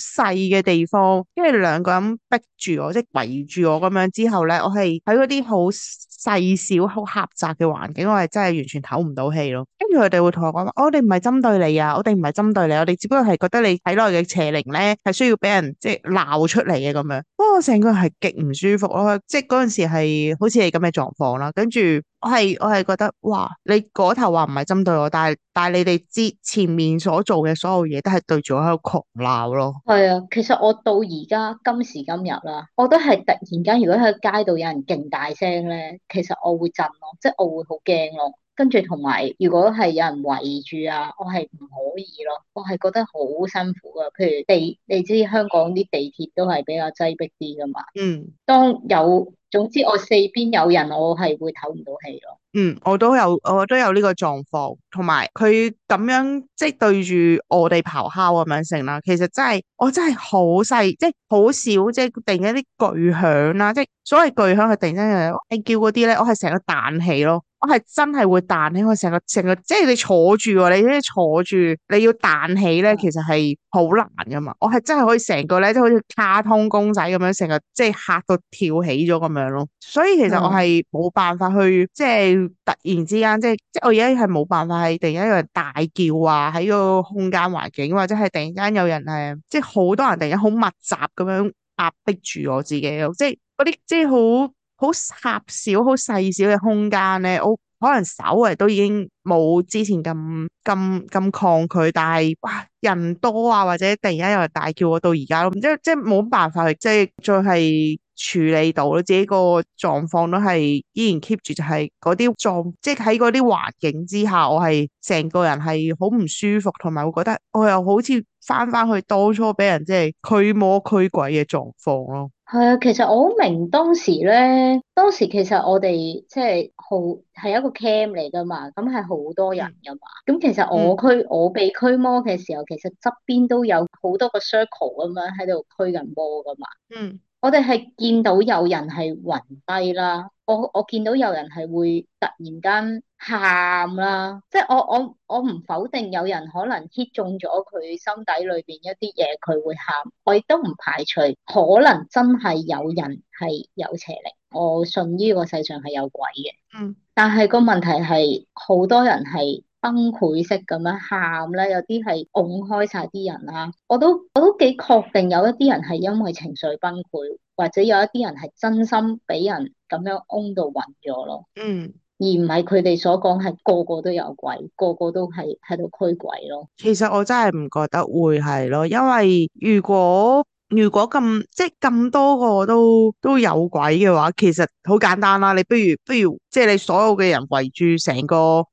細嘅地方，跟住兩個人逼住我，即係圍住我咁樣之後咧，我係喺嗰啲好細小、好狹窄嘅環境，我係真係完全唞唔到氣咯。跟住佢哋會同我講話：Oh, 我哋唔係針對你啊，我哋唔係針對你，我哋只不過係覺得你喺內嘅邪靈咧，係需要俾人即係鬧出嚟嘅咁樣。極不過成個係極唔舒服咯，即係嗰陣時係好似你咁嘅狀況啦，跟住我係我係覺得哇，你嗰頭話唔係針對我，但係但係你哋知前面所做嘅所有嘢，都係對住我喺度狂鬧咯。係啊，其實我到而家今時今日啦，我都係突然間，如果喺街道有人勁大聲咧，其實我會震咯，即係我會好驚咯。跟住同埋，如果係有人圍住啊，我係唔可以咯，我係覺得好辛苦噶。譬如地，你知香港啲地鐵都係比較擠逼啲噶嘛。嗯。當有，總之我四邊有人，我係會唞唔到氣咯。嗯，我都有，我都有呢個狀況，同埋佢咁樣即係對住我哋咆哮咁樣成啦。其實真係，我真係好細，即係好少，即係突然一啲巨響啦，即係所謂巨響，佢突然之間誒叫嗰啲咧，我係成個彈起咯。我係真係會彈起，我成個成個即係你坐住，你呢坐住，你要彈起咧，其實係好難噶嘛。我係真係可以成個咧，即係好似卡通公仔咁樣，成個即係吓到跳起咗咁樣咯。所以其實我係冇辦法去，嗯、即係突然之間，即係即係我而家係冇辦法係，突然間有人大叫啊，喺個空間環境或者係突然間有人係，即係好多人突然間好密集咁樣壓迫住我自己，即係嗰啲即係好。好狹小、好細小嘅空間咧，我可能手啊都已經冇之前咁咁咁抗拒，但係哇人多啊，或者突然間又大叫啊，到而家咯，即即冇辦法即即再係，處理到咯，自己個狀況都係依然 keep 住，就係嗰啲狀況，即係喺嗰啲環境之下，我係成個人係好唔舒服，同埋我覺得我又好似翻翻去當初俾人即係驅魔驅鬼嘅狀況咯。係啊，其實我好明當時咧，當時其實我哋即係好係一個 camp 嚟噶嘛，咁係好多人噶嘛。咁、嗯、其實我驅我被驅魔嘅時候，其實側邊都有好多個 circle 咁樣喺度驅緊魔噶嘛。嗯。我哋係見到有人係暈低啦，我我見到有人係會突然間喊啦，即係我我我唔否定有人可能 hit 中咗佢心底裏邊一啲嘢，佢會喊。我亦都唔排除可能真係有人係有邪靈。我信呢個世上係有鬼嘅。嗯。但係個問題係好多人係。崩潰式咁樣喊咧，有啲係拱開晒啲人啦。我都我都幾確定有一啲人係因為情緒崩潰，或者有一啲人係真心俾人咁樣㧬到暈咗咯。嗯，而唔係佢哋所講係個個都有鬼，個個都係喺度驅鬼咯。其實我真係唔覺得會係咯，因為如果如果咁即係咁多個都都有鬼嘅話，其實好簡單啦。你不如不如即係你所有嘅人圍住成個。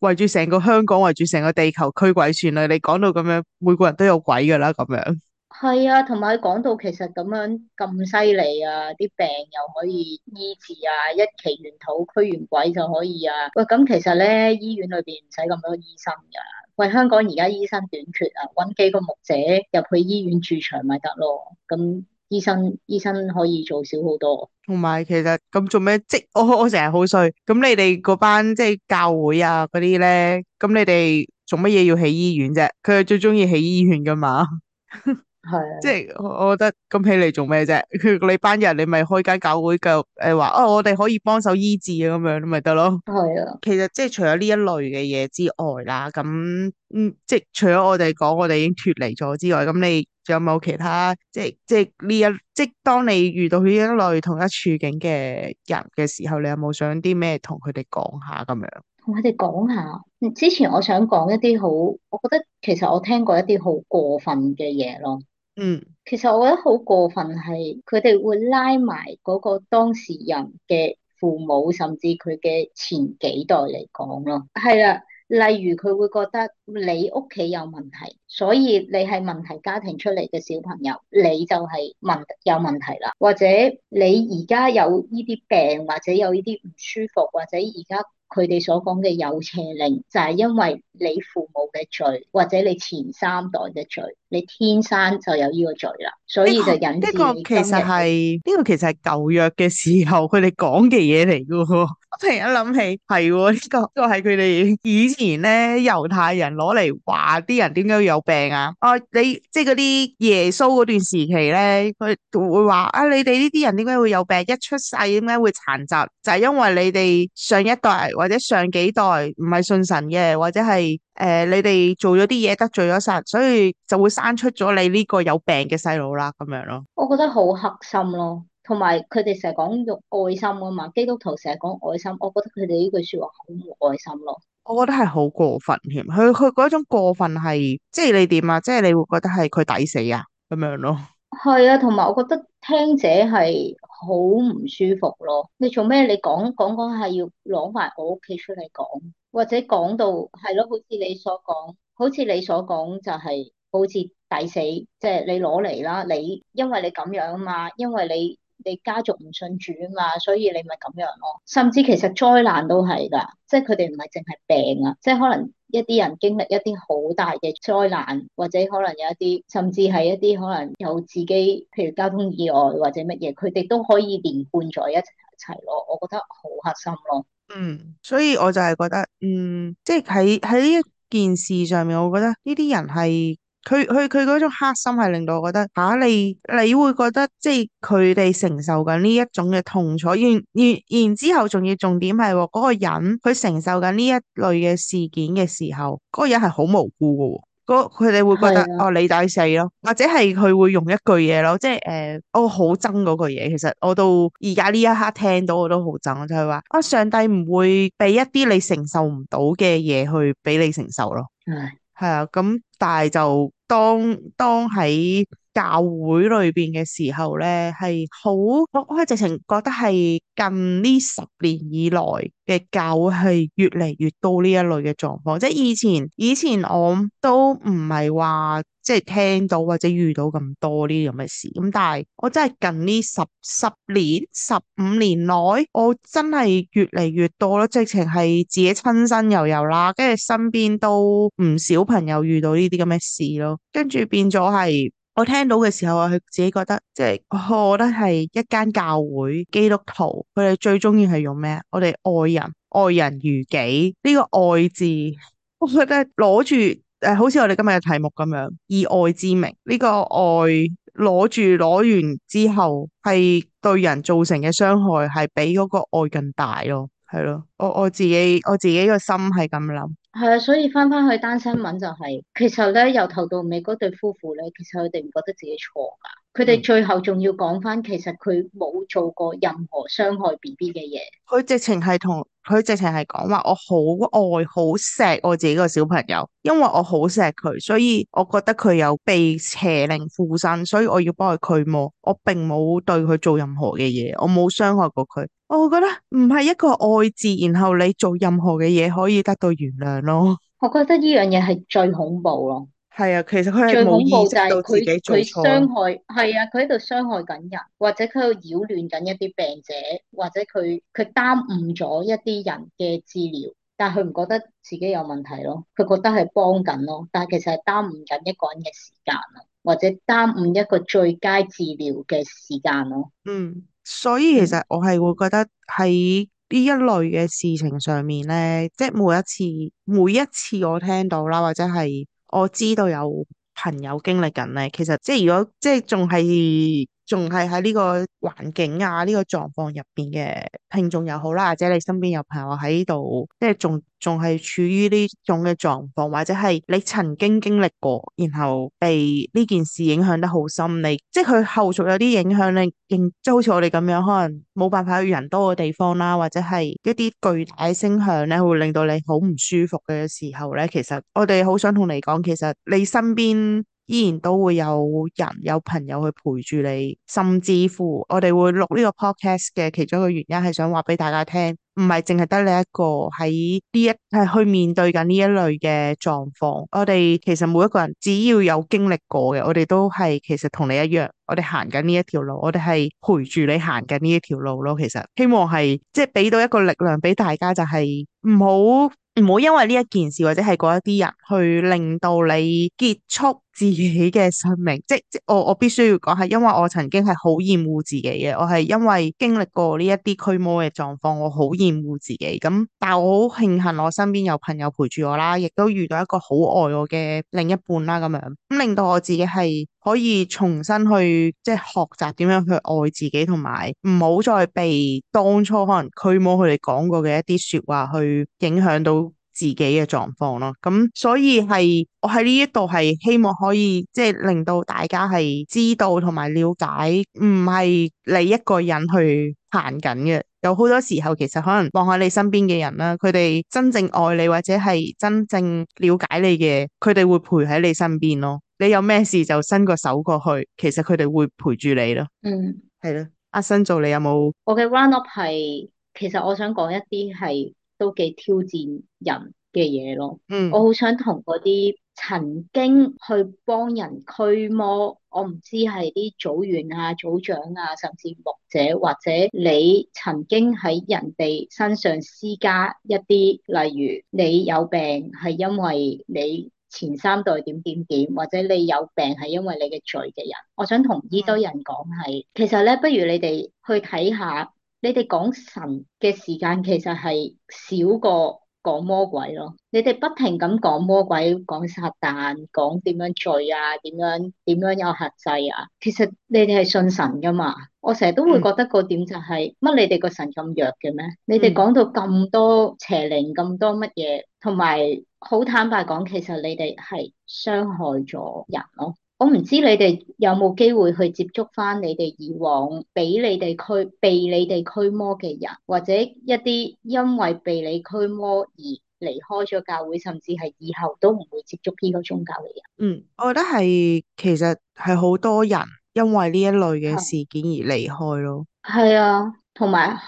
圍住成個香港，圍住成個地球驅鬼算啦！你講到咁樣，每個人都有鬼噶啦，咁樣係啊，同埋講到其實咁樣咁犀利啊，啲病又可以醫治啊，一期完土驅完鬼就可以啊！喂，咁其實咧，醫院裏邊唔使咁多醫生噶，喂，香港而家醫生短缺啊，搵幾個牧者入去醫院駐場咪得咯，咁。醫生醫生可以做少好多，同埋、oh、其實咁做咩？即我我成日好衰，咁你哋嗰班即係教會啊嗰啲咧，咁你哋做乜嘢要起醫院啫？佢係最中意起醫院噶嘛？ 係，即係我我覺得咁起嚟做咩啫？如果你班人，你咪開間教會，繼續誒話哦，我哋可以幫手醫治啊，咁樣咪得咯。係啊的，其實即係除咗呢一類嘅嘢之外啦，咁嗯，即係除咗我哋講我哋已經脫離咗之外，咁你仲有冇其他即係即係呢一即係當你遇到呢一類同一處境嘅人嘅時候，你有冇想啲咩同佢哋講下咁樣？同佢哋講下，之前我想講一啲好，我覺得其實我聽過一啲好過分嘅嘢咯。嗯，其實我覺得好過分係，佢哋會拉埋嗰個當事人嘅父母，甚至佢嘅前幾代嚟講咯。係啦，例如佢會覺得你屋企有問題，所以你係問題家庭出嚟嘅小朋友，你就係問有問題啦。或者你而家有呢啲病，或者有呢啲唔舒服，或者而家。佢哋所講嘅有邪靈，就係、是、因為你父母嘅罪，或者你前三代嘅罪，你天生就有呢個罪啦，所以就引致呢、呢個呢個其實係呢、呢個其實係舊約嘅時候佢哋講嘅嘢嚟嘅喎。突然間諗起，係呢、這個，呢個係佢哋以前咧，猶太人攞嚟話啲人點解會有病啊？哦、啊，你即係嗰啲耶穌嗰段時期咧，佢會話啊，你哋呢啲人點解會有病？一出世點解會殘疾？就係、是、因為你哋上一代或者上幾代唔係信神嘅，或者係誒、呃、你哋做咗啲嘢得罪咗神，所以就會生出咗你呢個有病嘅細路啦，咁樣咯。我覺得好黑心咯。同埋佢哋成日講用愛心啊嘛，基督徒成日講愛心，我覺得佢哋呢句說話好冇愛心咯。我覺得係好過分添，佢佢嗰種過分係，即係你點啊？即係你會覺得係佢抵死啊咁樣咯。係啊，同埋我覺得聽者係好唔舒服咯。你做咩？你講講講係要攞埋我屋企出嚟講，或者講到係咯，好似你所講，好似你所講就係好似抵死，即係你攞嚟啦，你因為你咁樣啊嘛，因為你。你家族唔信主嘛，所以你咪咁樣咯。甚至其實災難都係㗎，即係佢哋唔係淨係病啊，即係可能一啲人經歷一啲好大嘅災難，或者可能有一啲，甚至係一啲可能有自己，譬如交通意外或者乜嘢，佢哋都可以連伴在一齊一齊咯。我覺得好核心咯。嗯，所以我就係覺得，嗯，即係喺喺呢一件事上面，我覺得呢啲人係。佢佢佢嗰種黑心係令到我覺得吓、啊、你你會覺得即係佢哋承受緊呢一種嘅痛楚，然然然之後仲要重點係嗰個人佢承受緊呢一類嘅事件嘅時候，嗰、那個人係好無辜嘅，佢哋會覺得哦的、啊、你抵死咯，或者係佢會用一句嘢咯，即係誒、呃，我好憎嗰句嘢，其實我到而家呢一刻聽到我都好憎，就係、是、話啊上帝唔會俾一啲你承受唔到嘅嘢去俾你承受咯。係啊，咁但係，就當當喺教會裏邊嘅時候呢，係好我係直情覺得係近呢十年以來嘅教會係越嚟越多呢一類嘅狀況。即係以前以前我都唔係話即係聽到或者遇到咁多呢啲咁嘅事咁，但係我真係近呢十十年、十五年內，我真係越嚟越多咯。直情係自己親身又有啦，跟住身邊都唔少朋友遇到呢啲咁嘅事咯，跟住變咗係。我聽到嘅時候啊，佢自己覺得即係我覺得係一間教會基督徒，佢哋最中意係用咩？我哋愛人，愛人如己呢個愛字，我覺得攞住誒，好似我哋今日嘅題目咁樣，以愛之名呢個愛攞住攞完之後，係對人造成嘅傷害係比嗰個愛更大咯，係咯，我我自己我自己個心係咁諗。係啊，所以翻翻去單新聞就係，其實咧由頭到尾嗰對夫婦咧，其實佢哋唔覺得自己錯噶，佢哋最後仲要講翻，其實佢冇做過任何傷害 BB 嘅嘢。佢直情係同，佢直情係講話，我好愛好錫我自己個小朋友，因為我好錫佢，所以我覺得佢有被邪靈附身，所以我要幫佢驅魔，我並冇對佢做任何嘅嘢，我冇傷害過佢。我會覺得唔係一個愛字，然後你做任何嘅嘢可以得到原諒咯。我覺得呢樣嘢係最恐怖咯。係啊，其實佢係最恐怖就係佢佢傷害。係啊，佢喺度傷害緊人，或者佢喺度擾亂緊一啲病者，或者佢佢耽誤咗一啲人嘅治療，但係佢唔覺得自己有問題咯，佢覺得係幫緊咯，但係其實係耽誤緊一個人嘅時間啊，或者耽誤一個最佳治療嘅時間咯。嗯。所以其實我係會覺得喺呢一類嘅事情上面咧，即係每一次每一次我聽到啦，或者係我知道有朋友經歷緊咧，其實即係如果即係仲係。仲係喺呢個環境啊，呢、呢個狀況入邊嘅聽眾又好啦，或者你身邊有朋友喺度，即係仲仲係處於呢種嘅狀況，或者係你曾經經歷過，然後被呢件事影響得好深，你即係佢後續有啲影響你，應即係好似我哋咁樣，可能冇辦法去人多嘅地方啦，或者係一啲巨大嘅聲響咧，會令到你好唔舒服嘅時候咧，其實我哋好想同你講，其實你身邊依然都會有人有朋友去陪住你，甚至乎我哋會錄呢個 podcast 嘅其中一個原因係想話俾大家聽，唔係淨係得你一個喺呢一係去面對緊呢一類嘅狀況。我哋其實每一個人只要有經歷過嘅，我哋都係其實同你一樣，我哋行緊呢一條路，我哋係陪住你行緊呢一條路咯。其實希望係即係俾到一個力量俾大家，就係唔好唔好因為呢一件事或者係嗰一啲人去令到你結束自己嘅生命，即即我我必須要講，係因為我曾經係好厭惡自己嘅，我係因為經歷過呢一啲驅魔嘅狀況，我好厭惡自己咁。但係我好慶幸我身邊有朋友陪住我啦，亦都遇到一個好愛我嘅另一半啦，咁樣咁令到我自己係可以重新去即係學習點樣去愛自己，同埋唔好再被當初可能驅魔佢哋講過嘅一啲說話去影響到自己嘅狀況咯，咁所以係我喺呢一度係希望可以即係令到大家係知道同埋了解，唔係你一個人去行緊嘅。有好多時候其實可能望喺你身邊嘅人啦，佢哋真正愛你或者係真正了解你嘅，佢哋會陪喺你身邊咯。你有咩事就伸個手過去，其實佢哋會陪住你咯。嗯，係咯，阿新做你有冇？我嘅 run up 係其實我想講一啲係。都幾挑戰人嘅嘢咯，嗯、我好想同嗰啲曾經去幫人驅魔，我唔知係啲組員啊、組長啊，甚至牧者或者你曾經喺人哋身上施加一啲，例如你有病係因為你前三代點點點，或者你有病係因為你嘅罪嘅人，我想同呢多人講係，嗯、其實呢不如你哋去睇下。你哋講神嘅時間其實係少過講魔鬼咯，你哋不停咁講魔鬼，講撒旦，講點樣罪啊，點樣點樣有核制啊，其實你哋係信神噶嘛，我成日都會覺得個點就係、是、乜、嗯、你哋個神咁弱嘅咩？你哋講到咁多邪靈，咁多乜嘢，同埋好坦白講，其實你哋係傷害咗人咯。我唔知你哋有冇機會去接觸翻你哋以往俾你哋驅、被你哋驅魔嘅人，或者一啲因為被你驅魔而離開咗教會，甚至係以後都唔會接觸呢個宗教嘅人。嗯，我覺得係其實係好多人因為呢一類嘅事件而離開咯。係啊，同埋、啊、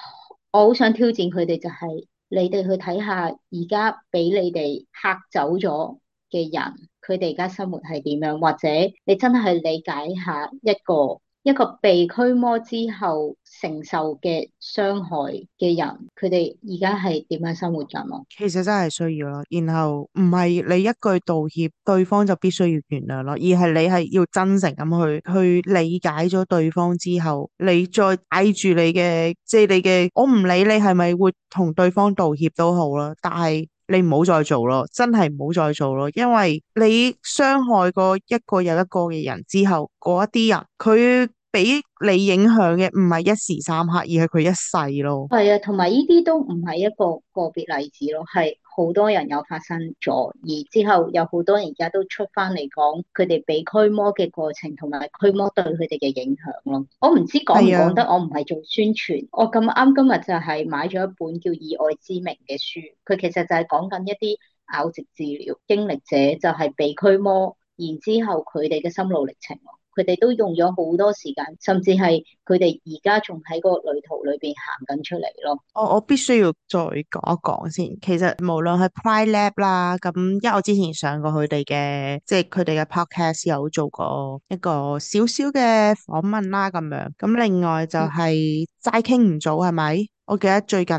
我好想挑戰佢哋，就係你哋去睇下而家俾你哋嚇走咗嘅人。佢哋而家生活係點樣，或者你真係理解一下一個一個被驅魔之後承受嘅傷害嘅人，佢哋而家係點樣生活緊咯，其實真係需要咯。然後唔係你一句道歉，對方就必須要原諒咯，而係你係要真誠咁去去理解咗對方之後，你再擺住你嘅，即係你嘅，我唔理你係咪會同對方道歉都好啦，但係，你唔好再做咯，真係唔好再做咯，因為你傷害過一個又一個嘅人之後，嗰一啲人佢俾你影響嘅唔係一時三刻，而係佢一世咯。係啊，同埋呢啲都唔係一個個別例子咯，係。好多人有發生咗，而之後有好多人而家都出翻嚟講佢哋被驅魔嘅過程同埋驅魔對佢哋嘅影響咯。我唔知講唔講得，我唔係做宣傳。的我咁啱今日就係買咗一本叫《以愛之名》嘅書，佢其實就係講緊一啲拗直治療經歷者就係被驅魔，然之後佢哋嘅心路歷程。佢哋都用咗好多時間，甚至係佢哋而家仲喺個旅途裏邊行緊出嚟咯。我、哦、我必須要再講一講先。其實無論係 Pride Lab 啦，咁因為我之前上過佢哋嘅，即係佢哋嘅 podcast 有做過一個少少嘅訪問啦，咁樣。咁另外就係齋傾唔到，係咪、嗯？我記得最近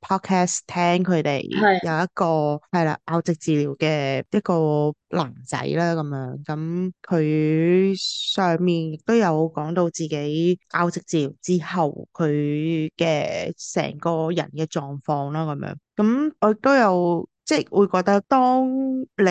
podcast 聽佢哋有一個係啦，拗直是治療嘅一個男仔啦，咁樣，咁佢上面亦都有講到自己拗直治療之後佢嘅成個人嘅狀況啦，咁樣，咁我都有。即係會覺得當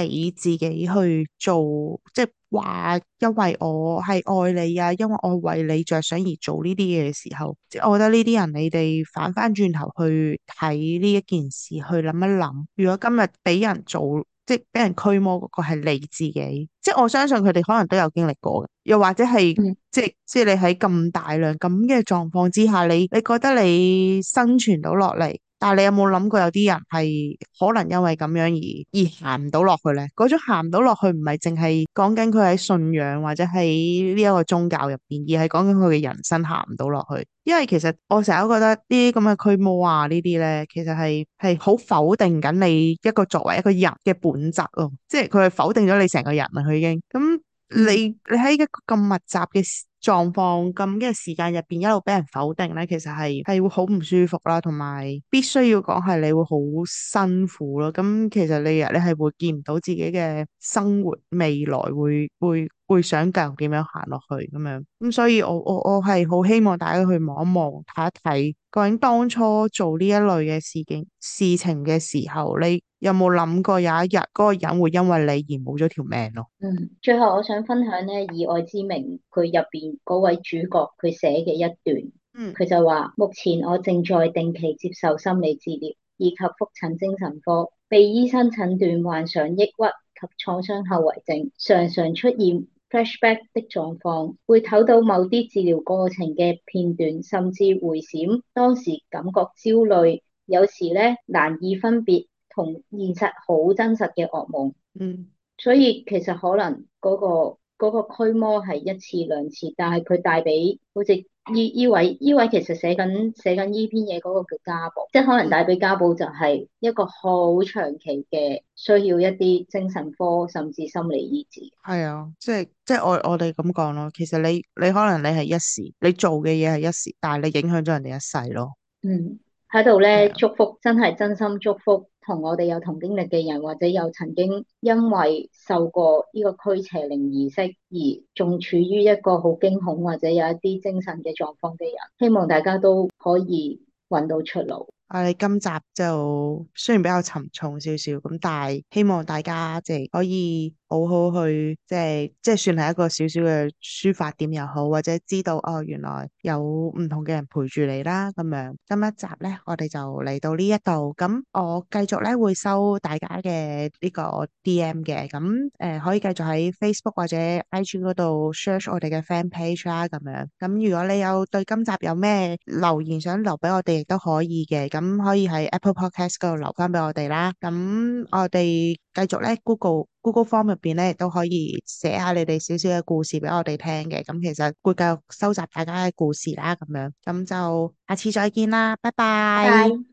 你自己去做，即係話因為我係愛你啊，因為我為你着想而做呢啲嘢嘅時候，即係我覺得呢啲人，你哋反翻轉頭去睇呢一件事，去諗一諗，如果今日俾人做，即係俾人驅魔嗰個係你自己，即係我相信佢哋可能都有經歷過嘅，又或者係、嗯、即係即係你喺咁大量咁嘅狀況之下，你你覺得你生存到落嚟？但係你有冇諗過有啲人係可能因為咁樣而而行唔到落去咧？嗰種行唔到落去唔係淨係講緊佢喺信仰或者喺呢一個宗教入邊，而係講緊佢嘅人生行唔到落去。因為其實我成日覺得呢啲咁嘅驅魔啊呢啲咧，其實係係好否定緊你一個作為一個人嘅本質咯。即係佢係否定咗你成個人啊，佢已經……咁你你喺一個咁密集嘅。狀況咁嘅時間入邊一路俾人否定咧，其實係係會好唔舒服啦，同埋必須要講係你會好辛苦咯。咁其實你日你係會見唔到自己嘅生活未來會會會想繼續點樣行落去咁樣咁，所以我我我係好希望大家去望一望睇一睇，究竟當初做呢一類嘅事件事情嘅時候，你有冇諗過有一日嗰個人會因為你而冇咗條命咯？嗯，最後我想分享呢，以愛之名佢入邊。嗰位主角佢寫嘅一段，佢就話：嗯、目前我正在定期接受心理治療，以及複診精神科，被醫生診斷患上抑鬱及創傷後遺症，常常出現 flashback 的狀況，會睇到某啲治療過程嘅片段，甚至回閃當時感覺焦慮，有時咧難以分別同現實好真實嘅噩夢。嗯，所以其實可能嗰、嗰個。嗰個驅魔係一次兩次，但係佢帶俾好似依依位依位其實寫緊寫緊依篇嘢嗰個叫家寶，嗯、即係可能帶俾家寶就係一個好長期嘅需要一啲精神科甚至心理醫治。係啊，即係即係我我哋咁講咯，其實你你可能你係一時，你做嘅嘢係一時，但係你影響咗人哋一世咯。嗯，喺度咧祝福，真係真心祝福。同我哋有同經歷嘅人，或者有曾經因為受過呢個驅邪靈儀式而仲處於一個好驚恐，或者有一啲精神嘅狀況嘅人，希望大家都可以揾到出路。我哋今集就雖然比較沉重少少，咁但係希望大家即係可以好好去即係即係算係一個少少嘅抒發點又好，或者知道哦原來有唔同嘅人陪住你啦咁樣。今一集咧，我哋就嚟到呢一度，咁我繼續咧會收大家嘅呢個 DM 嘅，咁誒、呃、可以繼續喺 Facebook 或者 IG 度 search 我哋嘅 Fan Page 啦咁樣。咁如果你有對今集有咩留言想留俾我哋，亦都可以嘅咁。咁可以喺 Apple Podcast 度留翻俾我哋啦。咁我哋繼續咧，Google Google Form 入邊咧亦都可以寫下你哋少少嘅故事俾我哋聽嘅。咁其實會繼續收集大家嘅故事啦。咁樣咁就下次再見啦，拜拜。Bye bye